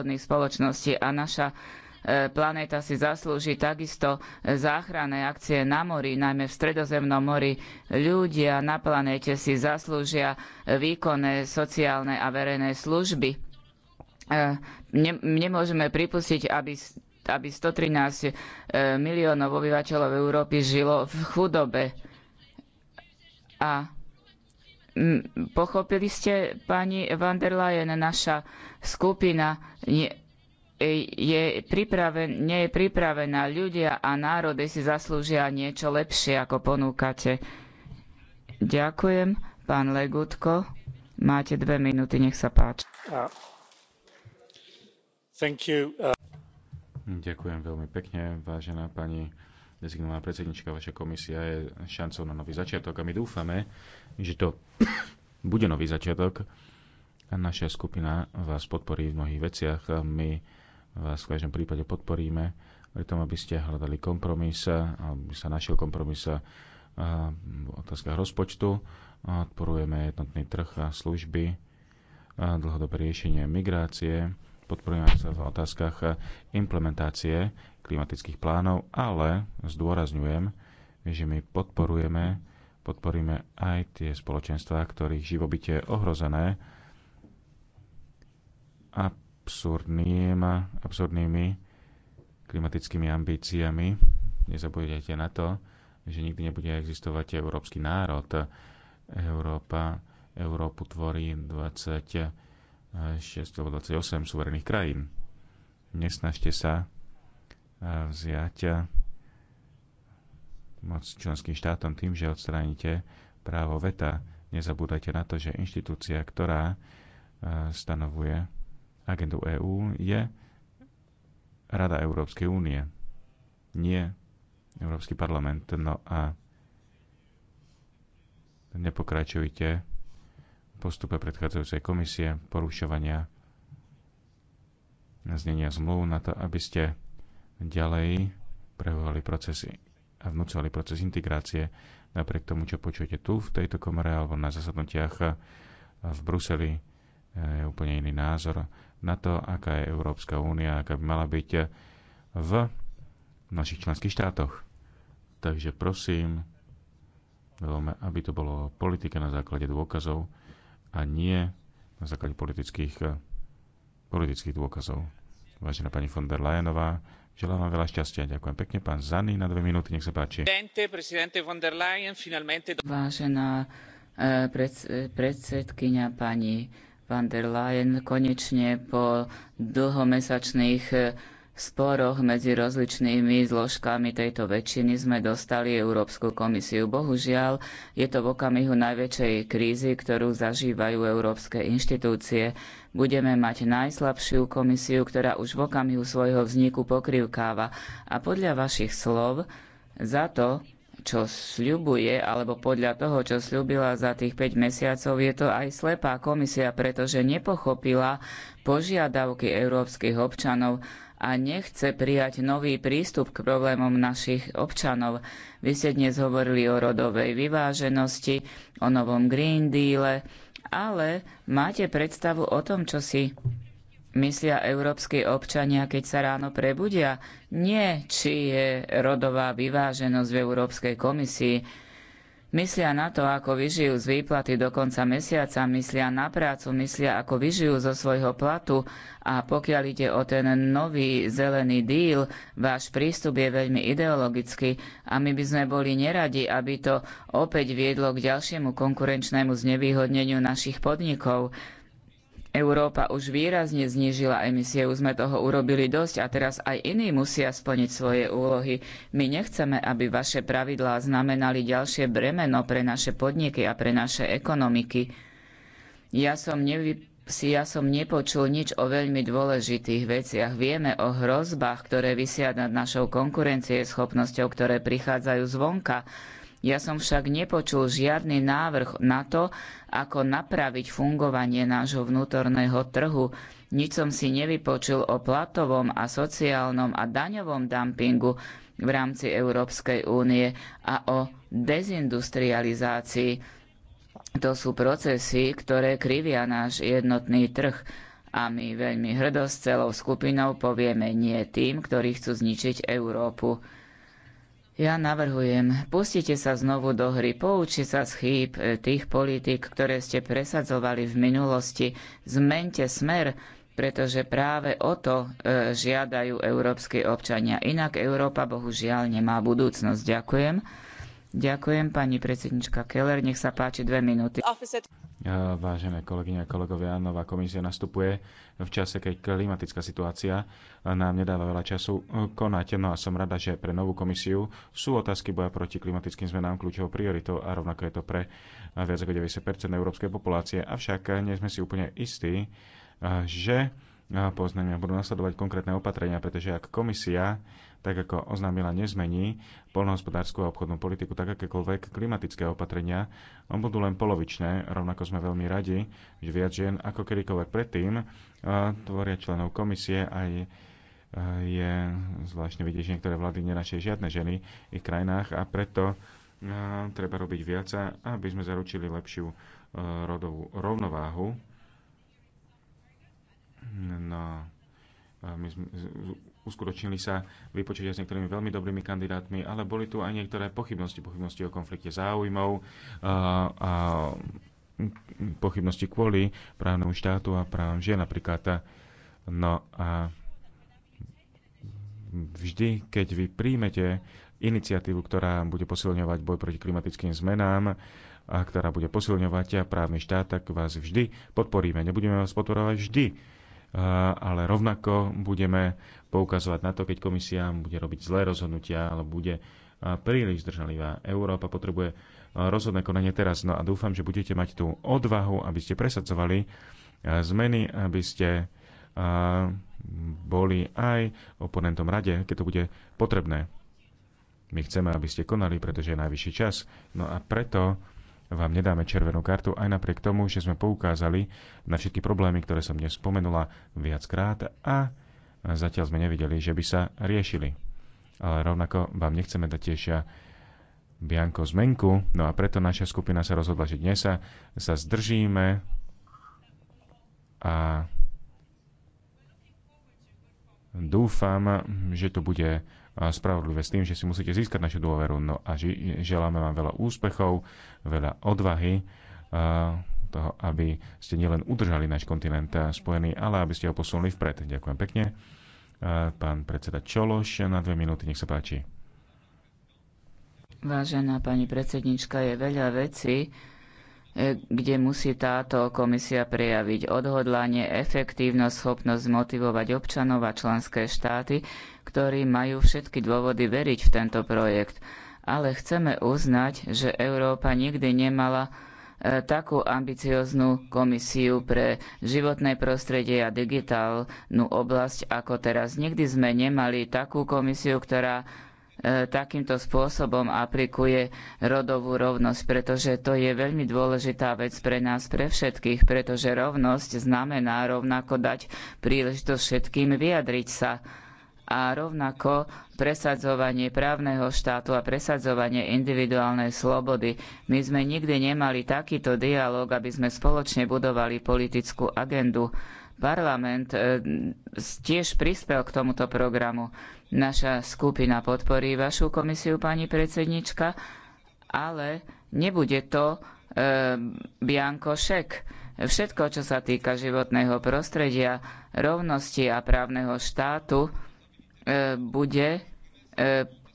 medzinárodných spoločností a naša e, planéta si zaslúži takisto e, záchranné akcie na mori, najmä v stredozemnom mori. Ľudia na planéte si zaslúžia e, výkonné sociálne a verejné služby. Nemôžeme pripustiť, aby aby 113 miliónov obyvateľov Európy žilo v chudobe. A Pochopili ste, pani van der Leyen, naša skupina nie, je pripraven, nie je pripravená. Ľudia a národy si zaslúžia niečo lepšie, ako ponúkate. Ďakujem, pán Legutko. Máte dve minúty, nech sa páči. Uh, thank you. Uh, Ďakujem veľmi pekne, vážená pani dezignovaná predsednička, vaša komisia je šancou na nový začiatok a my dúfame, že to bude nový začiatok a naša skupina vás podporí v mnohých veciach a my vás v každom prípade podporíme pri tom, aby ste hľadali kompromis, aby sa našiel kompromis v otázkach rozpočtu. Odporujeme jednotný trh a služby, a dlhodobé riešenie migrácie, podporujeme sa v otázkach implementácie klimatických plánov, ale zdôrazňujem, že my podporujeme, podporíme aj tie spoločenstvá, ktorých živobytie je ohrozené absurdným, absurdnými klimatickými ambíciami. Nezabudnite na to, že nikdy nebude existovať európsky národ. Európa, Európu tvorí 26 alebo 28 suverených krajín. Nesnažte sa vziať moc členským štátom tým, že odstránite právo veta. Nezabúdajte na to, že inštitúcia, ktorá stanovuje agendu EÚ, je Rada Európskej únie, nie Európsky parlament. No a nepokračujte postupe predchádzajúcej komisie porušovania znenia zmluv na to, aby ste ďalej prehovali procesy a vnúcovali proces integrácie. Napriek tomu, čo počujete tu, v tejto komore alebo na zasadnutiach eh, v Bruseli, eh, je úplne iný názor na to, aká je Európska únia, aká by mala byť eh, v našich členských štátoch. Takže prosím, aby to bolo politika na základe dôkazov a nie na základe politických, politických dôkazov. Vážená pani von der Leyenová, Želám vám veľa šťastia. Ďakujem pekne. Pán Zany na dve minúty, nech sa páči. Vážená e, e, predsedkynia pani van der Leyen konečne po dlhomesačných e, v sporoch medzi rozličnými zložkami tejto väčšiny sme dostali Európsku komisiu. Bohužiaľ, je to v okamihu najväčšej krízy, ktorú zažívajú európske inštitúcie. Budeme mať najslabšiu komisiu, ktorá už v okamihu svojho vzniku pokrivkáva. A podľa vašich slov, za to, čo sľubuje, alebo podľa toho, čo sľubila za tých 5 mesiacov, je to aj slepá komisia, pretože nepochopila požiadavky európskych občanov a nechce prijať nový prístup k problémom našich občanov. Vy ste dnes hovorili o rodovej vyváženosti, o novom Green Deale, ale máte predstavu o tom, čo si myslia európsky občania, keď sa ráno prebudia? Nie, či je rodová vyváženosť v Európskej komisii, Myslia na to, ako vyžijú z výplaty do konca mesiaca, myslia na prácu, myslia, ako vyžijú zo svojho platu a pokiaľ ide o ten nový zelený díl, váš prístup je veľmi ideologický a my by sme boli neradi, aby to opäť viedlo k ďalšiemu konkurenčnému znevýhodneniu našich podnikov. Európa už výrazne znížila emisie, už sme toho urobili dosť a teraz aj iní musia splniť svoje úlohy. My nechceme, aby vaše pravidlá znamenali ďalšie bremeno pre naše podniky a pre naše ekonomiky. Ja som, nevy... ja som nepočul nič o veľmi dôležitých veciach. Vieme o hrozbách, ktoré vysia nad našou konkurencieschopnosťou, ktoré prichádzajú zvonka. Ja som však nepočul žiadny návrh na to, ako napraviť fungovanie nášho vnútorného trhu. Nič som si nevypočul o platovom a sociálnom a daňovom dumpingu v rámci Európskej únie a o dezindustrializácii. To sú procesy, ktoré krivia náš jednotný trh a my veľmi hrdo s celou skupinou povieme nie tým, ktorí chcú zničiť Európu. Ja navrhujem, pustite sa znovu do hry, poučte sa z chýb e, tých politik, ktoré ste presadzovali v minulosti, zmente smer, pretože práve o to e, žiadajú európsky občania. Inak Európa bohužiaľ nemá budúcnosť. Ďakujem. Ďakujem, pani predsednička Keller. Nech sa páči dve minúty. Vážené kolegyne a kolegovia, nová komisia nastupuje v čase, keď klimatická situácia nám nedáva veľa času konať. No a som rada, že pre novú komisiu sú otázky boja proti klimatickým zmenám kľúčovou prioritou a rovnako je to pre viac ako 90 európskej populácie. Avšak nie sme si úplne istí, že poznania budú nasledovať konkrétne opatrenia, pretože ak komisia, tak ako oznámila, nezmení polnohospodárskú a obchodnú politiku, tak akékoľvek klimatické opatrenia budú len polovičné. Rovnako sme veľmi radi, že viac žien ako kedykoľvek predtým tvoria členov komisie aj je zvláštne vidieť, že niektoré vlády nenašej žiadne ženy v ich krajinách a preto treba robiť viac, aby sme zaručili lepšiu rodovú rovnováhu No, my sme, uskutočnili sa vypočuť s niektorými veľmi dobrými kandidátmi, ale boli tu aj niektoré pochybnosti, pochybnosti o konflikte záujmov a, a pochybnosti kvôli právnemu štátu a právom žien napríklad. No a vždy, keď vy príjmete iniciatívu, ktorá bude posilňovať boj proti klimatickým zmenám a ktorá bude posilňovať právny štát, tak vás vždy podporíme. Nebudeme vás podporovať vždy ale rovnako budeme poukazovať na to, keď komisia bude robiť zlé rozhodnutia alebo bude príliš zdržalivá. Európa potrebuje rozhodné konanie teraz. No a dúfam, že budete mať tú odvahu, aby ste presadzovali zmeny, aby ste boli aj oponentom rade, keď to bude potrebné. My chceme, aby ste konali, pretože je najvyšší čas. No a preto vám nedáme červenú kartu aj napriek tomu, že sme poukázali na všetky problémy, ktoré som dnes spomenula viackrát a zatiaľ sme nevideli, že by sa riešili. Ale rovnako vám nechceme dať tiež Bianko zmenku, no a preto naša skupina sa rozhodla, že dnes sa, sa zdržíme a dúfam, že to bude eh, spravodlivé s tým, že si musíte získať našu dôveru. No a ži- želáme vám veľa úspechov, veľa odvahy eh, toho, aby ste nielen udržali náš kontinent eh, spojený, ale aby ste ho posunuli vpred. Ďakujem pekne. Pán predseda Čološ, na dve minúty, nech sa páči. Vážená pani predsednička, je veľa vecí, E, kde musí táto komisia prejaviť odhodlanie, efektívnosť, schopnosť motivovať občanov a členské štáty, ktorí majú všetky dôvody veriť v tento projekt. Ale chceme uznať, že Európa nikdy nemala e, takú ambicioznú komisiu pre životné prostredie a digitálnu oblasť ako teraz. Nikdy sme nemali takú komisiu, ktorá E, takýmto spôsobom aplikuje rodovú rovnosť, pretože to je veľmi dôležitá vec pre nás, pre všetkých, pretože rovnosť znamená rovnako dať príležitosť všetkým vyjadriť sa a rovnako presadzovanie právneho štátu a presadzovanie individuálnej slobody. My sme nikdy nemali takýto dialog, aby sme spoločne budovali politickú agendu. Parlament e, tiež prispel k tomuto programu. Naša skupina podporí vašu komisiu, pani predsednička, ale nebude to e, bianko šek. Všetko, čo sa týka životného prostredia, rovnosti a právneho štátu, e, bude e,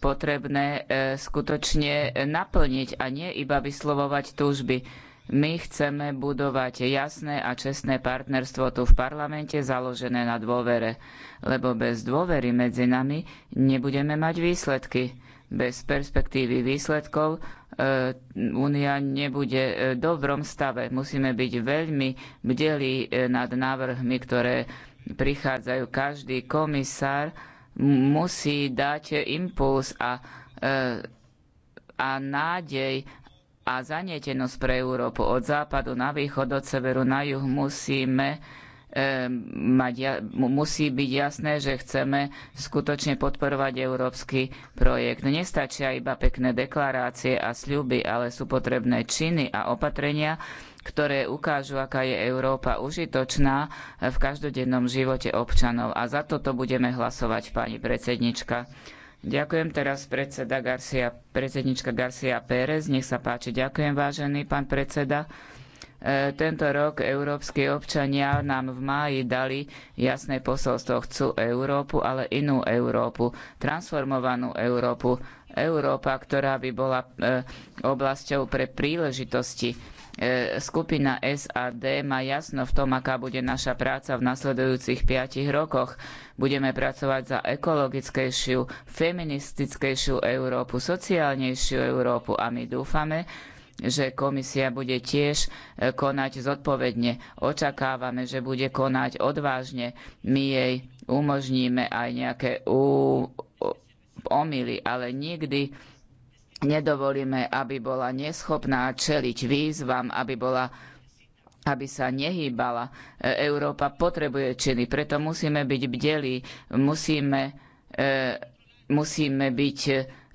potrebné e, skutočne naplniť a nie iba vyslovovať túžby. My chceme budovať jasné a čestné partnerstvo tu v parlamente založené na dôvere lebo bez dôvery medzi nami nebudeme mať výsledky. Bez perspektívy výsledkov e, Únia nebude e, v dobrom stave. Musíme byť veľmi bdelí e, nad návrhmi, ktoré prichádzajú. Každý komisár musí dať impuls a, a nádej a zanietenosť pre Európu od západu na východ, od severu na juh musíme mať, musí byť jasné, že chceme skutočne podporovať európsky projekt. Nestačia iba pekné deklarácie a sľuby, ale sú potrebné činy a opatrenia, ktoré ukážu, aká je Európa užitočná v každodennom živote občanov. A za toto budeme hlasovať, pani predsednička. Ďakujem teraz predseda Garcia, predsednička Garcia Pérez. Nech sa páči. Ďakujem, vážený pán predseda. E, tento rok európsky občania nám v máji dali jasné posolstvo. Chcú Európu, ale inú Európu, transformovanú Európu. Európa, ktorá by bola e, oblasťou pre príležitosti. E, skupina SAD má jasno v tom, aká bude naša práca v nasledujúcich piatich rokoch. Budeme pracovať za ekologickejšiu, feministickejšiu Európu, sociálnejšiu Európu a my dúfame, že komisia bude tiež e, konať zodpovedne. Očakávame, že bude konať odvážne. My jej umožníme aj nejaké ú... omily, ale nikdy nedovolíme, aby bola neschopná čeliť výzvam, aby bola aby sa nehýbala. E, Európa potrebuje činy, preto musíme byť bdelí, musíme, e, musíme byť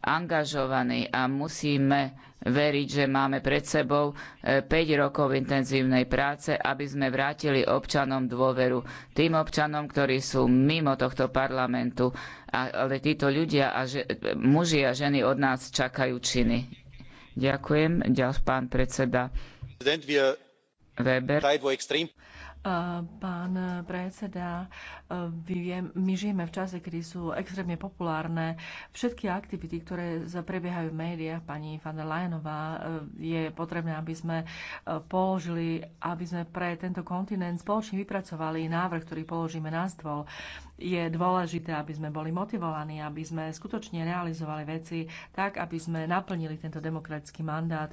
angažovaní a musíme veriť, že máme pred sebou 5 e, rokov intenzívnej práce, aby sme vrátili občanom dôveru. Tým občanom, ktorí sú mimo tohto parlamentu. Ale títo ľudia, a že, muži a ženy od nás čakajú činy. Ďakujem. Ďalší pán predseda Weber. Pán predseda, my žijeme v čase, kedy sú extrémne populárne všetky aktivity, ktoré prebiehajú v médiách. Pani van der Leyenová e, je potrebné, aby sme e, položili, aby sme pre tento kontinent spoločne vypracovali návrh, ktorý položíme na stôl. Je dôležité, aby sme boli motivovaní, aby sme skutočne realizovali veci tak, aby sme naplnili tento demokratický mandát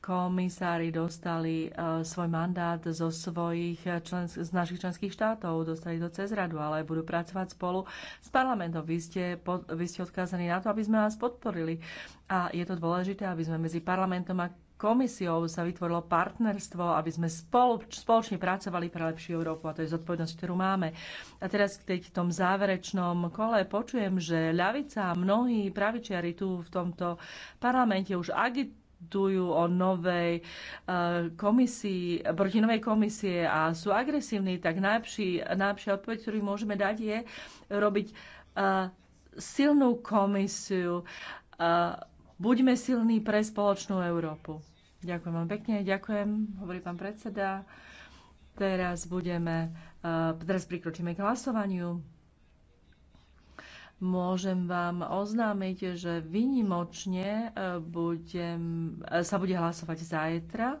komisári dostali e, svoj mandát zo svojich e, člen, z našich členských štátov, dostali do Cezradu, ale budú pracovať spolu s parlamentom. Vy ste, pod, vy ste odkázaní na to, aby sme vás podporili. A je to dôležité, aby sme medzi parlamentom a komisiou sa vytvorilo partnerstvo, aby sme spolu, spoločne pracovali pre lepšiu Európu a to je zodpovednosť, ktorú máme. A teraz keď v tom záverečnom kole počujem, že ľavica a mnohí pravičiari tu v tomto parlamente už agit, diskutujú o novej eh, komisii, proti novej komisie a sú agresívni, tak najlepší, najlepšia odpoveď, ktorú môžeme dať, je robiť eh, silnú komisiu. Eh, buďme silní pre spoločnú Európu. Ďakujem vám pekne, ďakujem, hovorí pán predseda. Teraz budeme, teraz prikročíme k hlasovaniu. Môžem vám oznámiť, že vynimočne e, budem, e, sa bude hlasovať zajtra. E,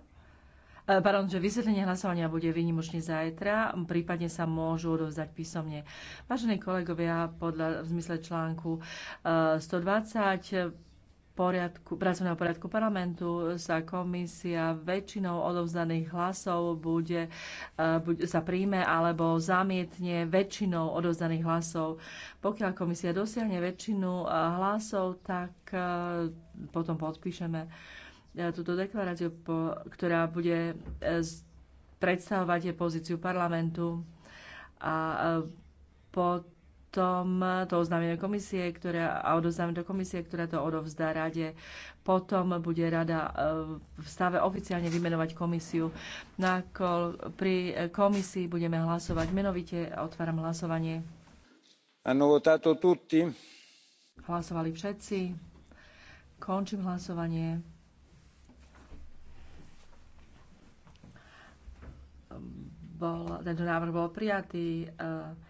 pardon, že vysvetlenie hlasovania bude výnimočne zajtra, prípadne sa môžu odovzdať písomne. Vážení kolegovia, podľa v zmysle článku 120 poriadku, pracovného poriadku parlamentu sa komisia väčšinou odovzdaných hlasov bude, e, buď sa príjme alebo zamietne väčšinou odovzdaných hlasov. Pokiaľ komisia dosiahne väčšinu e, hlasov, tak e, potom podpíšeme túto deklaráciu, ktorá bude predstavovať pozíciu parlamentu a pod potom to oznámenie komisie, ktorá, a odovzdáme do komisie, ktorá to odovzdá rade. Potom bude rada e, v stave oficiálne vymenovať komisiu. Nakol, pri komisii budeme hlasovať menovite. Otváram hlasovanie. Hlasovali všetci. Končím hlasovanie. Bol, tento návrh bol prijatý. E,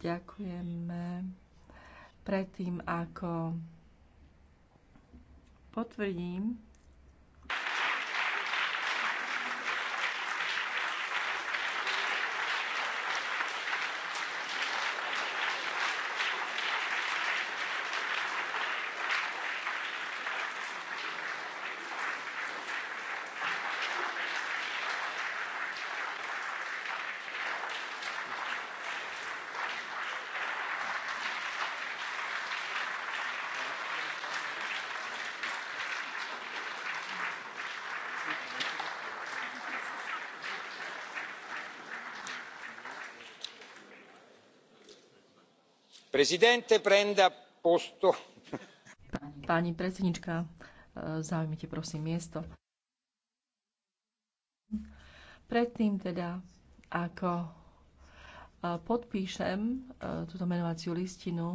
Ďakujeme. Predtým, ako potvrdím Presidente, prenda posto. Pani predsednička, e, zaujmite prosím miesto. Predtým teda, ako e, podpíšem e, túto menovaciu listinu,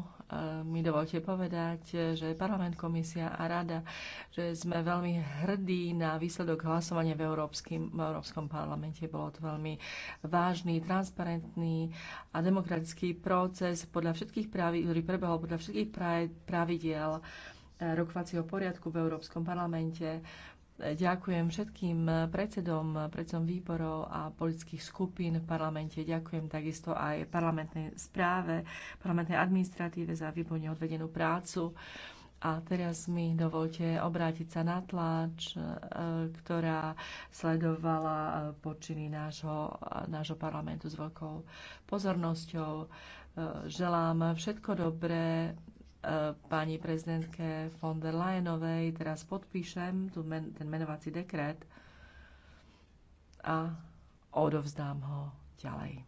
mi dovolte povedať, že parlament, komisia a rada, že sme veľmi hrdí na výsledok hlasovania v, Európskym, v Európskom parlamente. Bolo to veľmi vážny, transparentný a demokratický proces, podľa všetkých pravi, ktorý prebehol podľa všetkých pravidiel eh, rokovacieho poriadku v Európskom parlamente. Ďakujem všetkým predsedom, predsedom výborov a politických skupín v parlamente. Ďakujem takisto aj parlamentnej správe, parlamentnej administratíve za výborne odvedenú prácu. A teraz mi dovolte obrátiť sa na tlač, e, ktorá sledovala e, počiny nášho, nášho parlamentu s veľkou pozornosťou. E, želám všetko dobré pani prezidentke von der Leyenovej teraz podpíšem men, ten menovací dekret a odovzdám ho ďalej.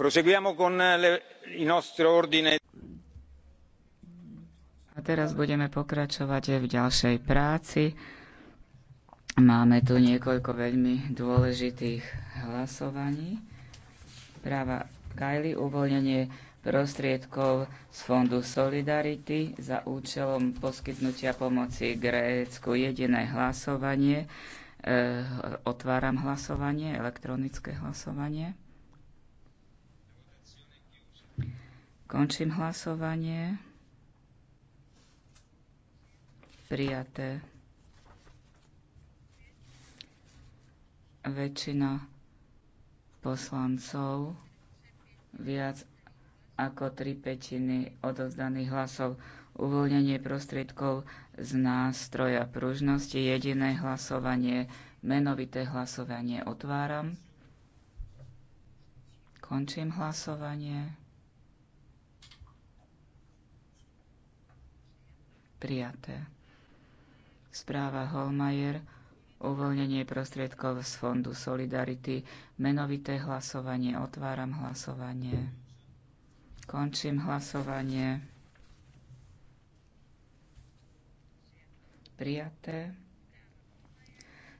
Proseguiamo con eh, le, il nostro ordine. A teraz budeme pokračovať v ďalšej práci. Máme tu niekoľko veľmi dôležitých hlasovaní. Práva Kajly, uvoľnenie prostriedkov z Fondu Solidarity za účelom poskytnutia pomoci Grécku. Jediné hlasovanie. E, otváram hlasovanie, elektronické hlasovanie. Končím hlasovanie. Prijaté. Väčšina poslancov viac ako tri petiny odovzdaných hlasov uvoľnenie prostriedkov z nástroja pružnosti. Jediné hlasovanie, menovité hlasovanie otváram. Končím hlasovanie. prijaté. Správa Holmajer uvoľnenie prostriedkov z Fondu Solidarity, menovité hlasovanie, otváram hlasovanie. Končím hlasovanie. Prijaté.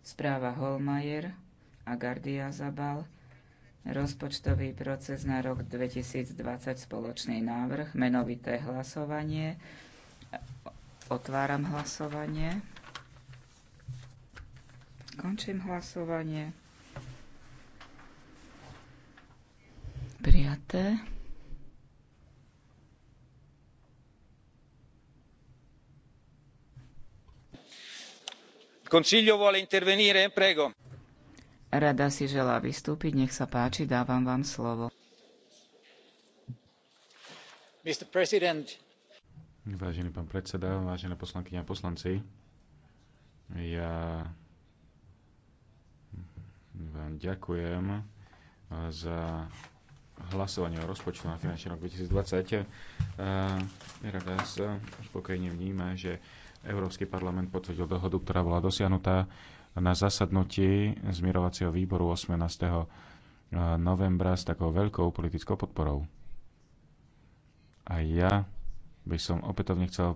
Správa Holmajer a Gardia Zabal. Rozpočtový proces na rok 2020 spoločný návrh, menovité hlasovanie. Otváram hlasovanie. Končím hlasovanie. Prijaté. Consiglio vuole intervenire? Prego. Rada si želá vystúpiť, nech sa páči, dávam vám slovo. Mr. President, Vážený pán predseda, vážené poslanky a poslanci, ja vám ďakujem za hlasovanie o rozpočtu na finančný rok 2020. Rada sa spokojne vníma, že Európsky parlament potvrdil dohodu, ktorá bola dosiahnutá na zasadnutí zmierovacieho výboru 18. novembra s takou veľkou politickou podporou. A ja by som opätovne chcel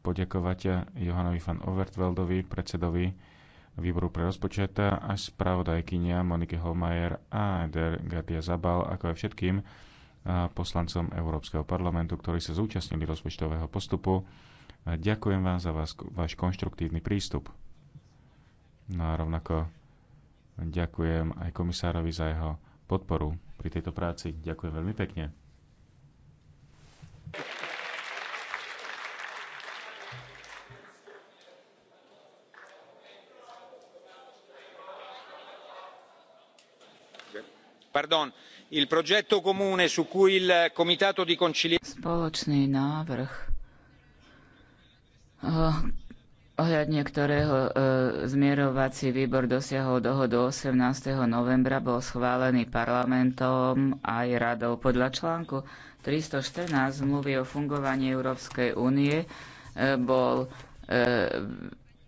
poďakovať Johanovi van Overtveldovi, predsedovi výboru pre rozpočet a spravodajkynia Monike Holmajer a Eder Gardia Zabal, ako aj všetkým poslancom Európskeho parlamentu, ktorí sa zúčastnili rozpočtového postupu. Ďakujem vám za vás, váš konštruktívny prístup. No a rovnako ďakujem aj komisárovi za jeho podporu pri tejto práci. Ďakujem veľmi pekne. spoločný návrh eh, ohľadne ktorého eh, zmierovací výbor dosiahol dohodu 18. novembra, bol schválený parlamentom aj radou. Podľa článku 314 zmluvy o fungovaní Európskej únie eh, bol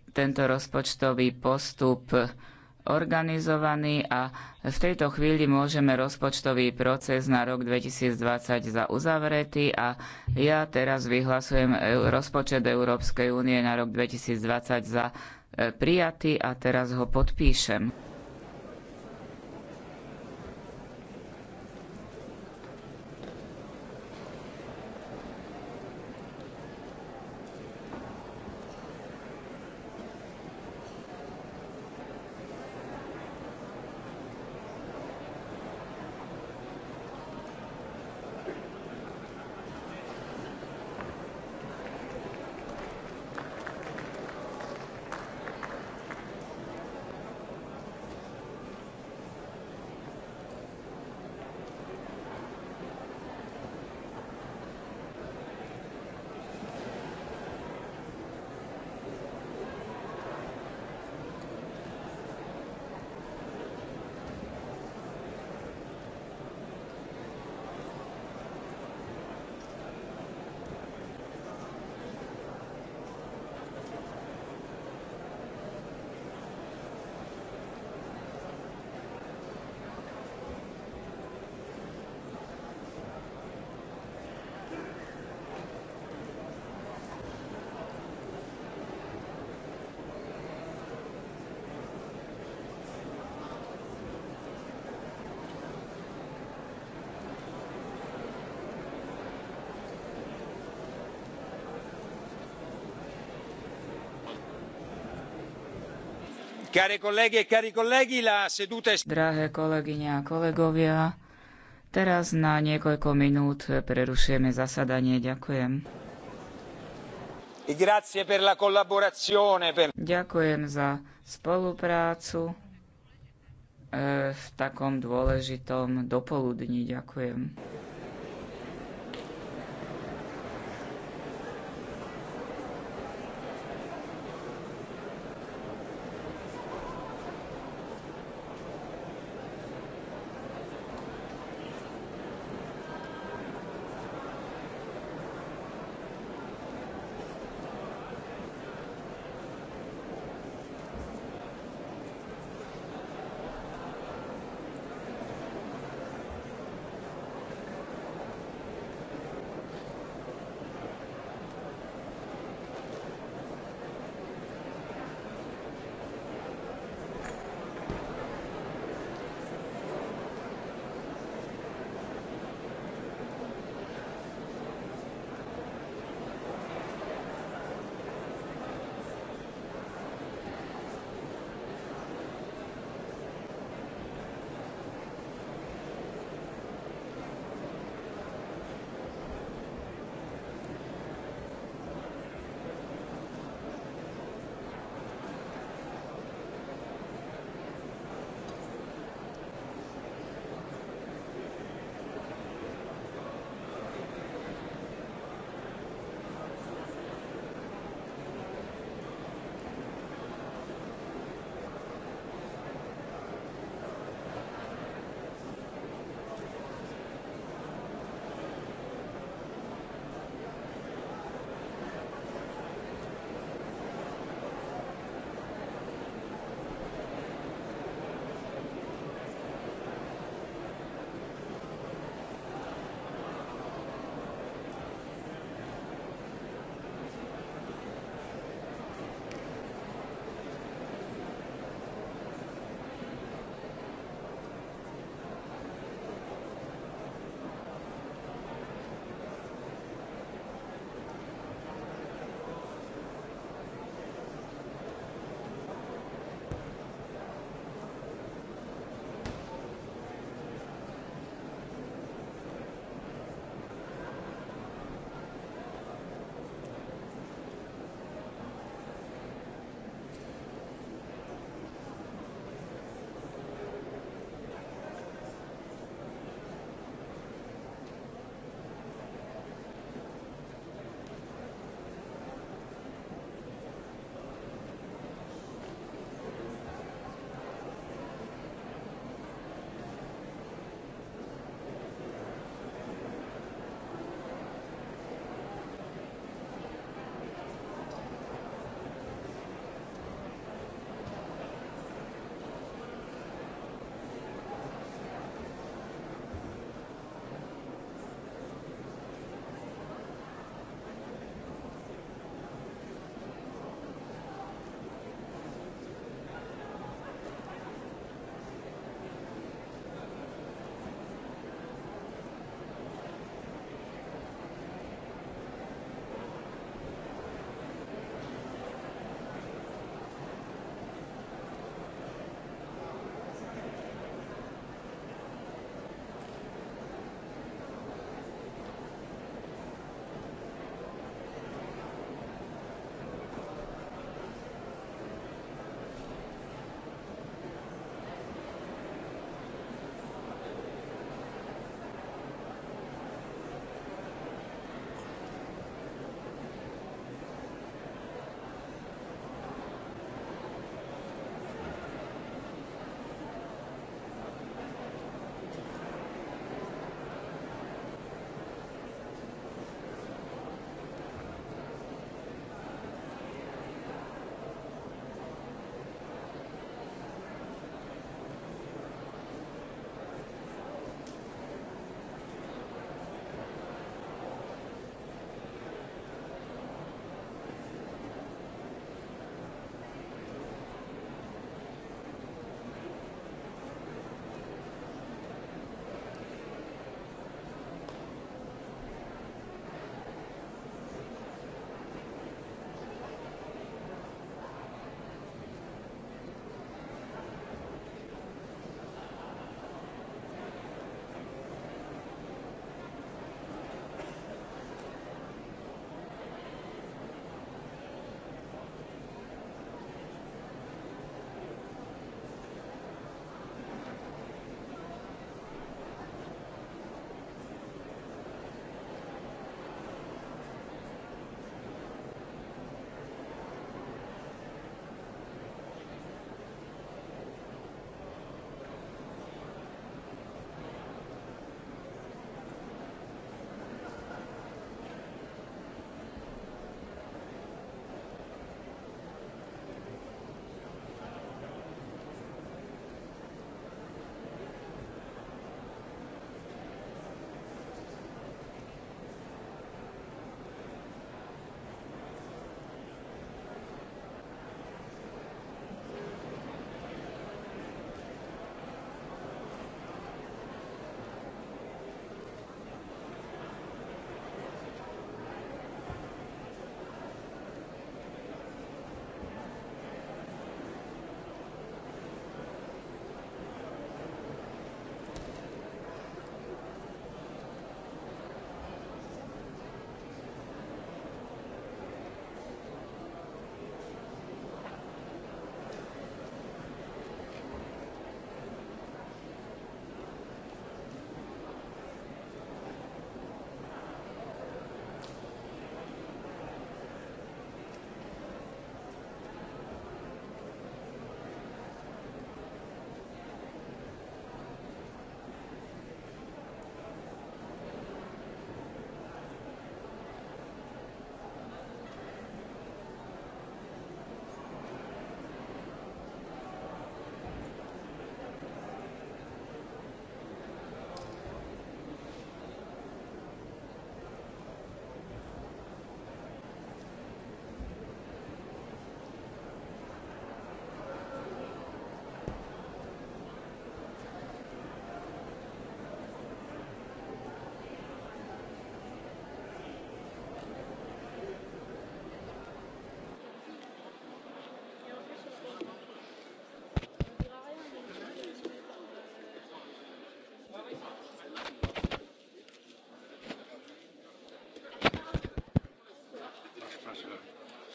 tento rozpočtový postup organizovaný a v tejto chvíli môžeme rozpočtový proces na rok 2020 za uzavretý a ja teraz vyhlasujem e, rozpočet Európskej únie na rok 2020 za e, prijatý a teraz ho podpíšem. E Drahé kolegyne a kolegovia, teraz na niekoľko minút prerušujeme zasadanie. Ďakujem. E Ďakujem za spoluprácu e, v takom dôležitom dopoludní. Ďakujem.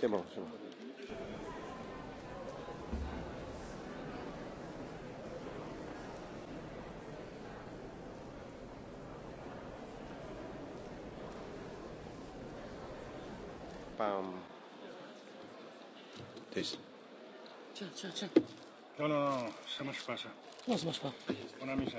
C'est bon, c'est bon. Pam. Tiens, tiens, tiens. Non, non, non, ça marche pas, ça. Non, ça marche pas. On a no, mis ça.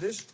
this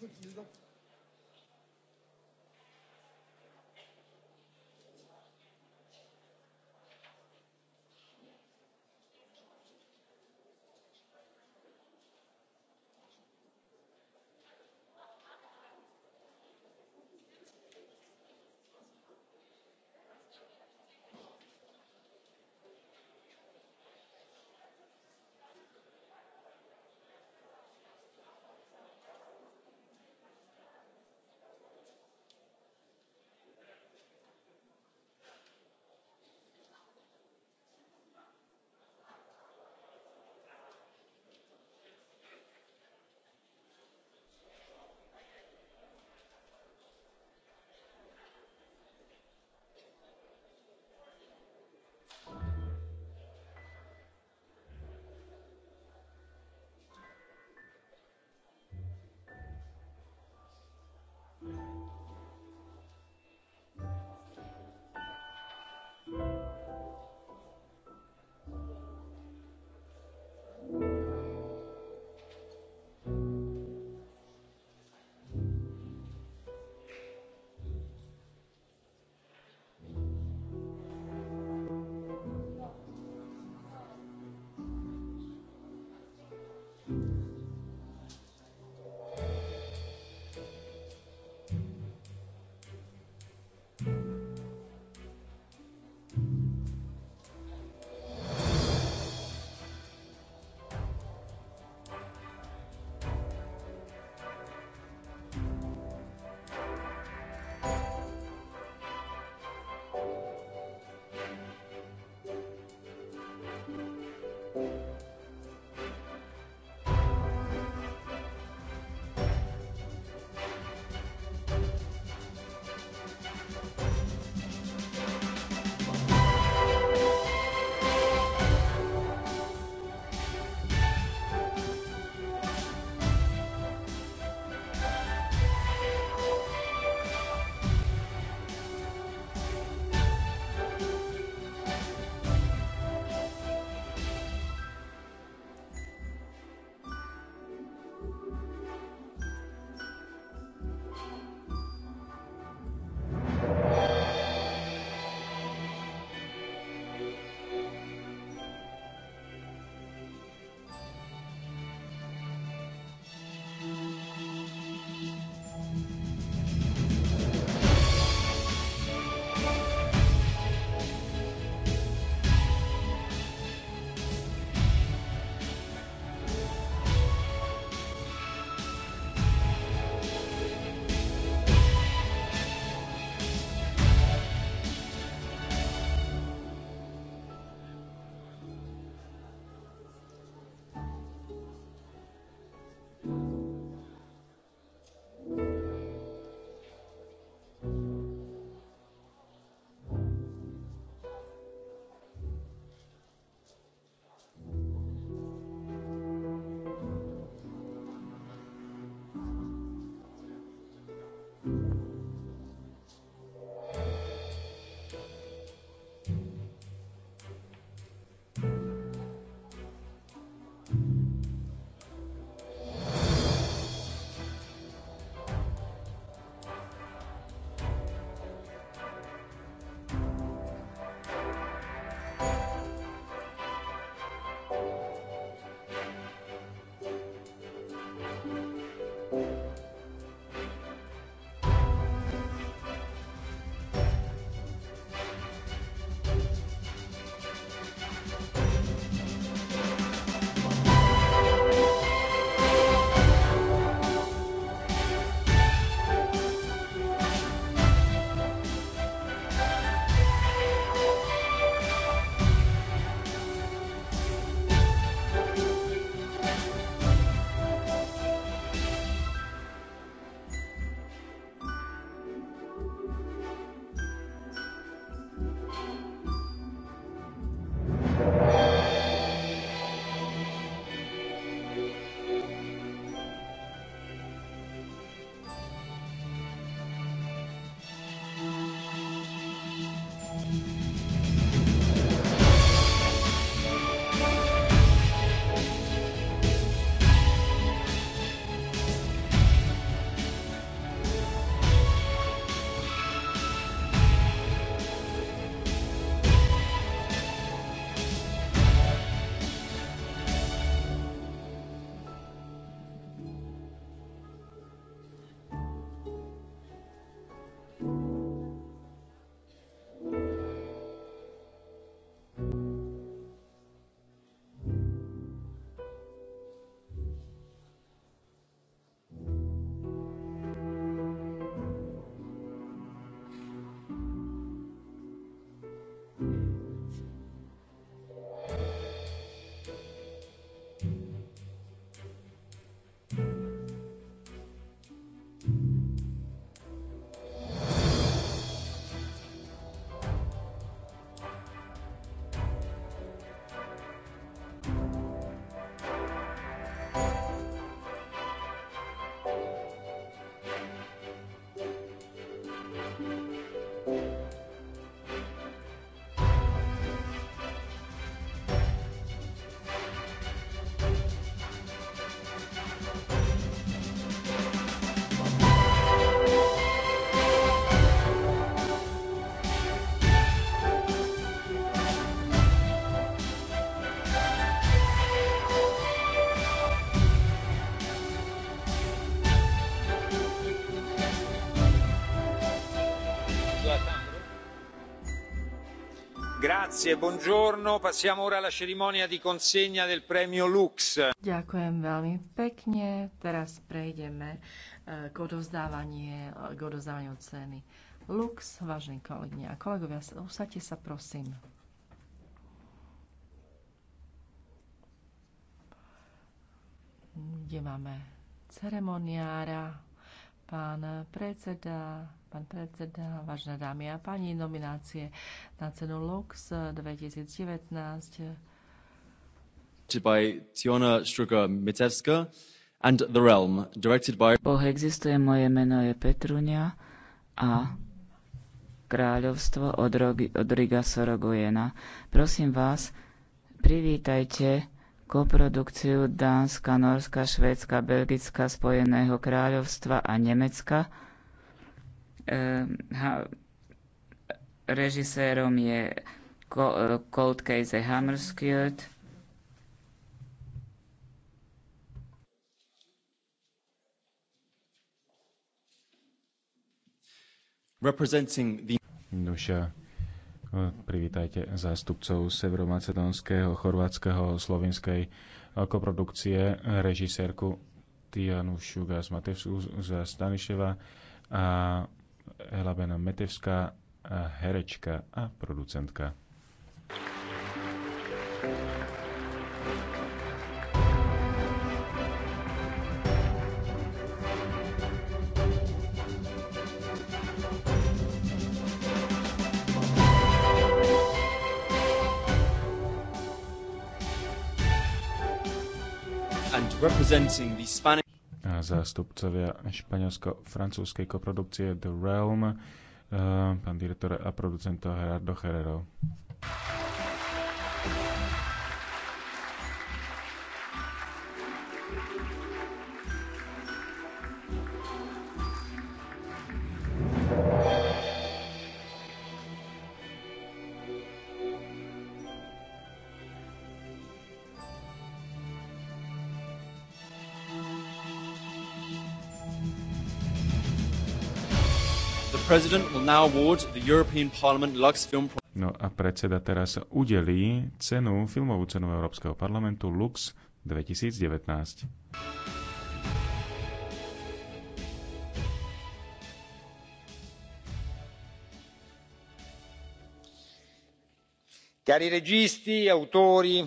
Ďakujem veľmi pekne. Teraz prejdeme eh, k odozdávanie, eh, k ceny Lux. Vážení kolegyne a kolegovia, usadte sa prosím. Kde máme ceremoniára? pán predseda, pán predseda, vážené dámy a páni, nominácie na cenu Lux 2019. By Tiona Struga Mitevska and The Realm, directed by... Boh existuje, moje meno je Petrunia a kráľovstvo od, Rogi, od Riga Sorogojena. Prosím vás, privítajte koprodukciu Dánska, Norska, Švédska, Belgická, Spojeného kráľovstva a Nemecka. Ehm, režisérom je Cold Case Hammerskjöld. Representing the... Nože, Privítajte zástupcov severomacedónskeho, chorvátskeho, slovinskej koprodukcie, režisérku Tianu Šugas Matevsku z Staniševa a Helabena Metevská, herečka a producentka. Thank you. representing the Spanish zástupcovia španielsko-francúzskej koprodukcie The Realm, eh, pán direktor a producent Gerardo Herrero. No a predseda teraz udelí cenu, filmovú cenu Európskeho parlamentu Lux 2019. Cari registi, autori,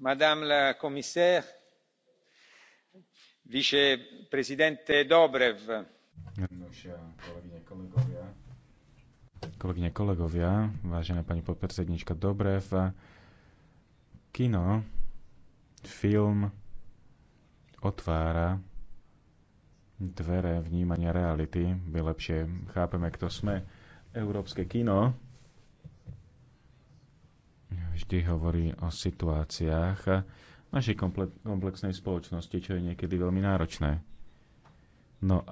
madame la commissaire, viceprezidente Dobrev. No, Kolegyne, kolegovia, vážená pani podpredsednička Dobrev, kino, film otvára dvere vnímania reality. My lepšie chápeme, kto sme. Európske kino vždy hovorí o situáciách našej komplexnej spoločnosti, čo je niekedy veľmi náročné. No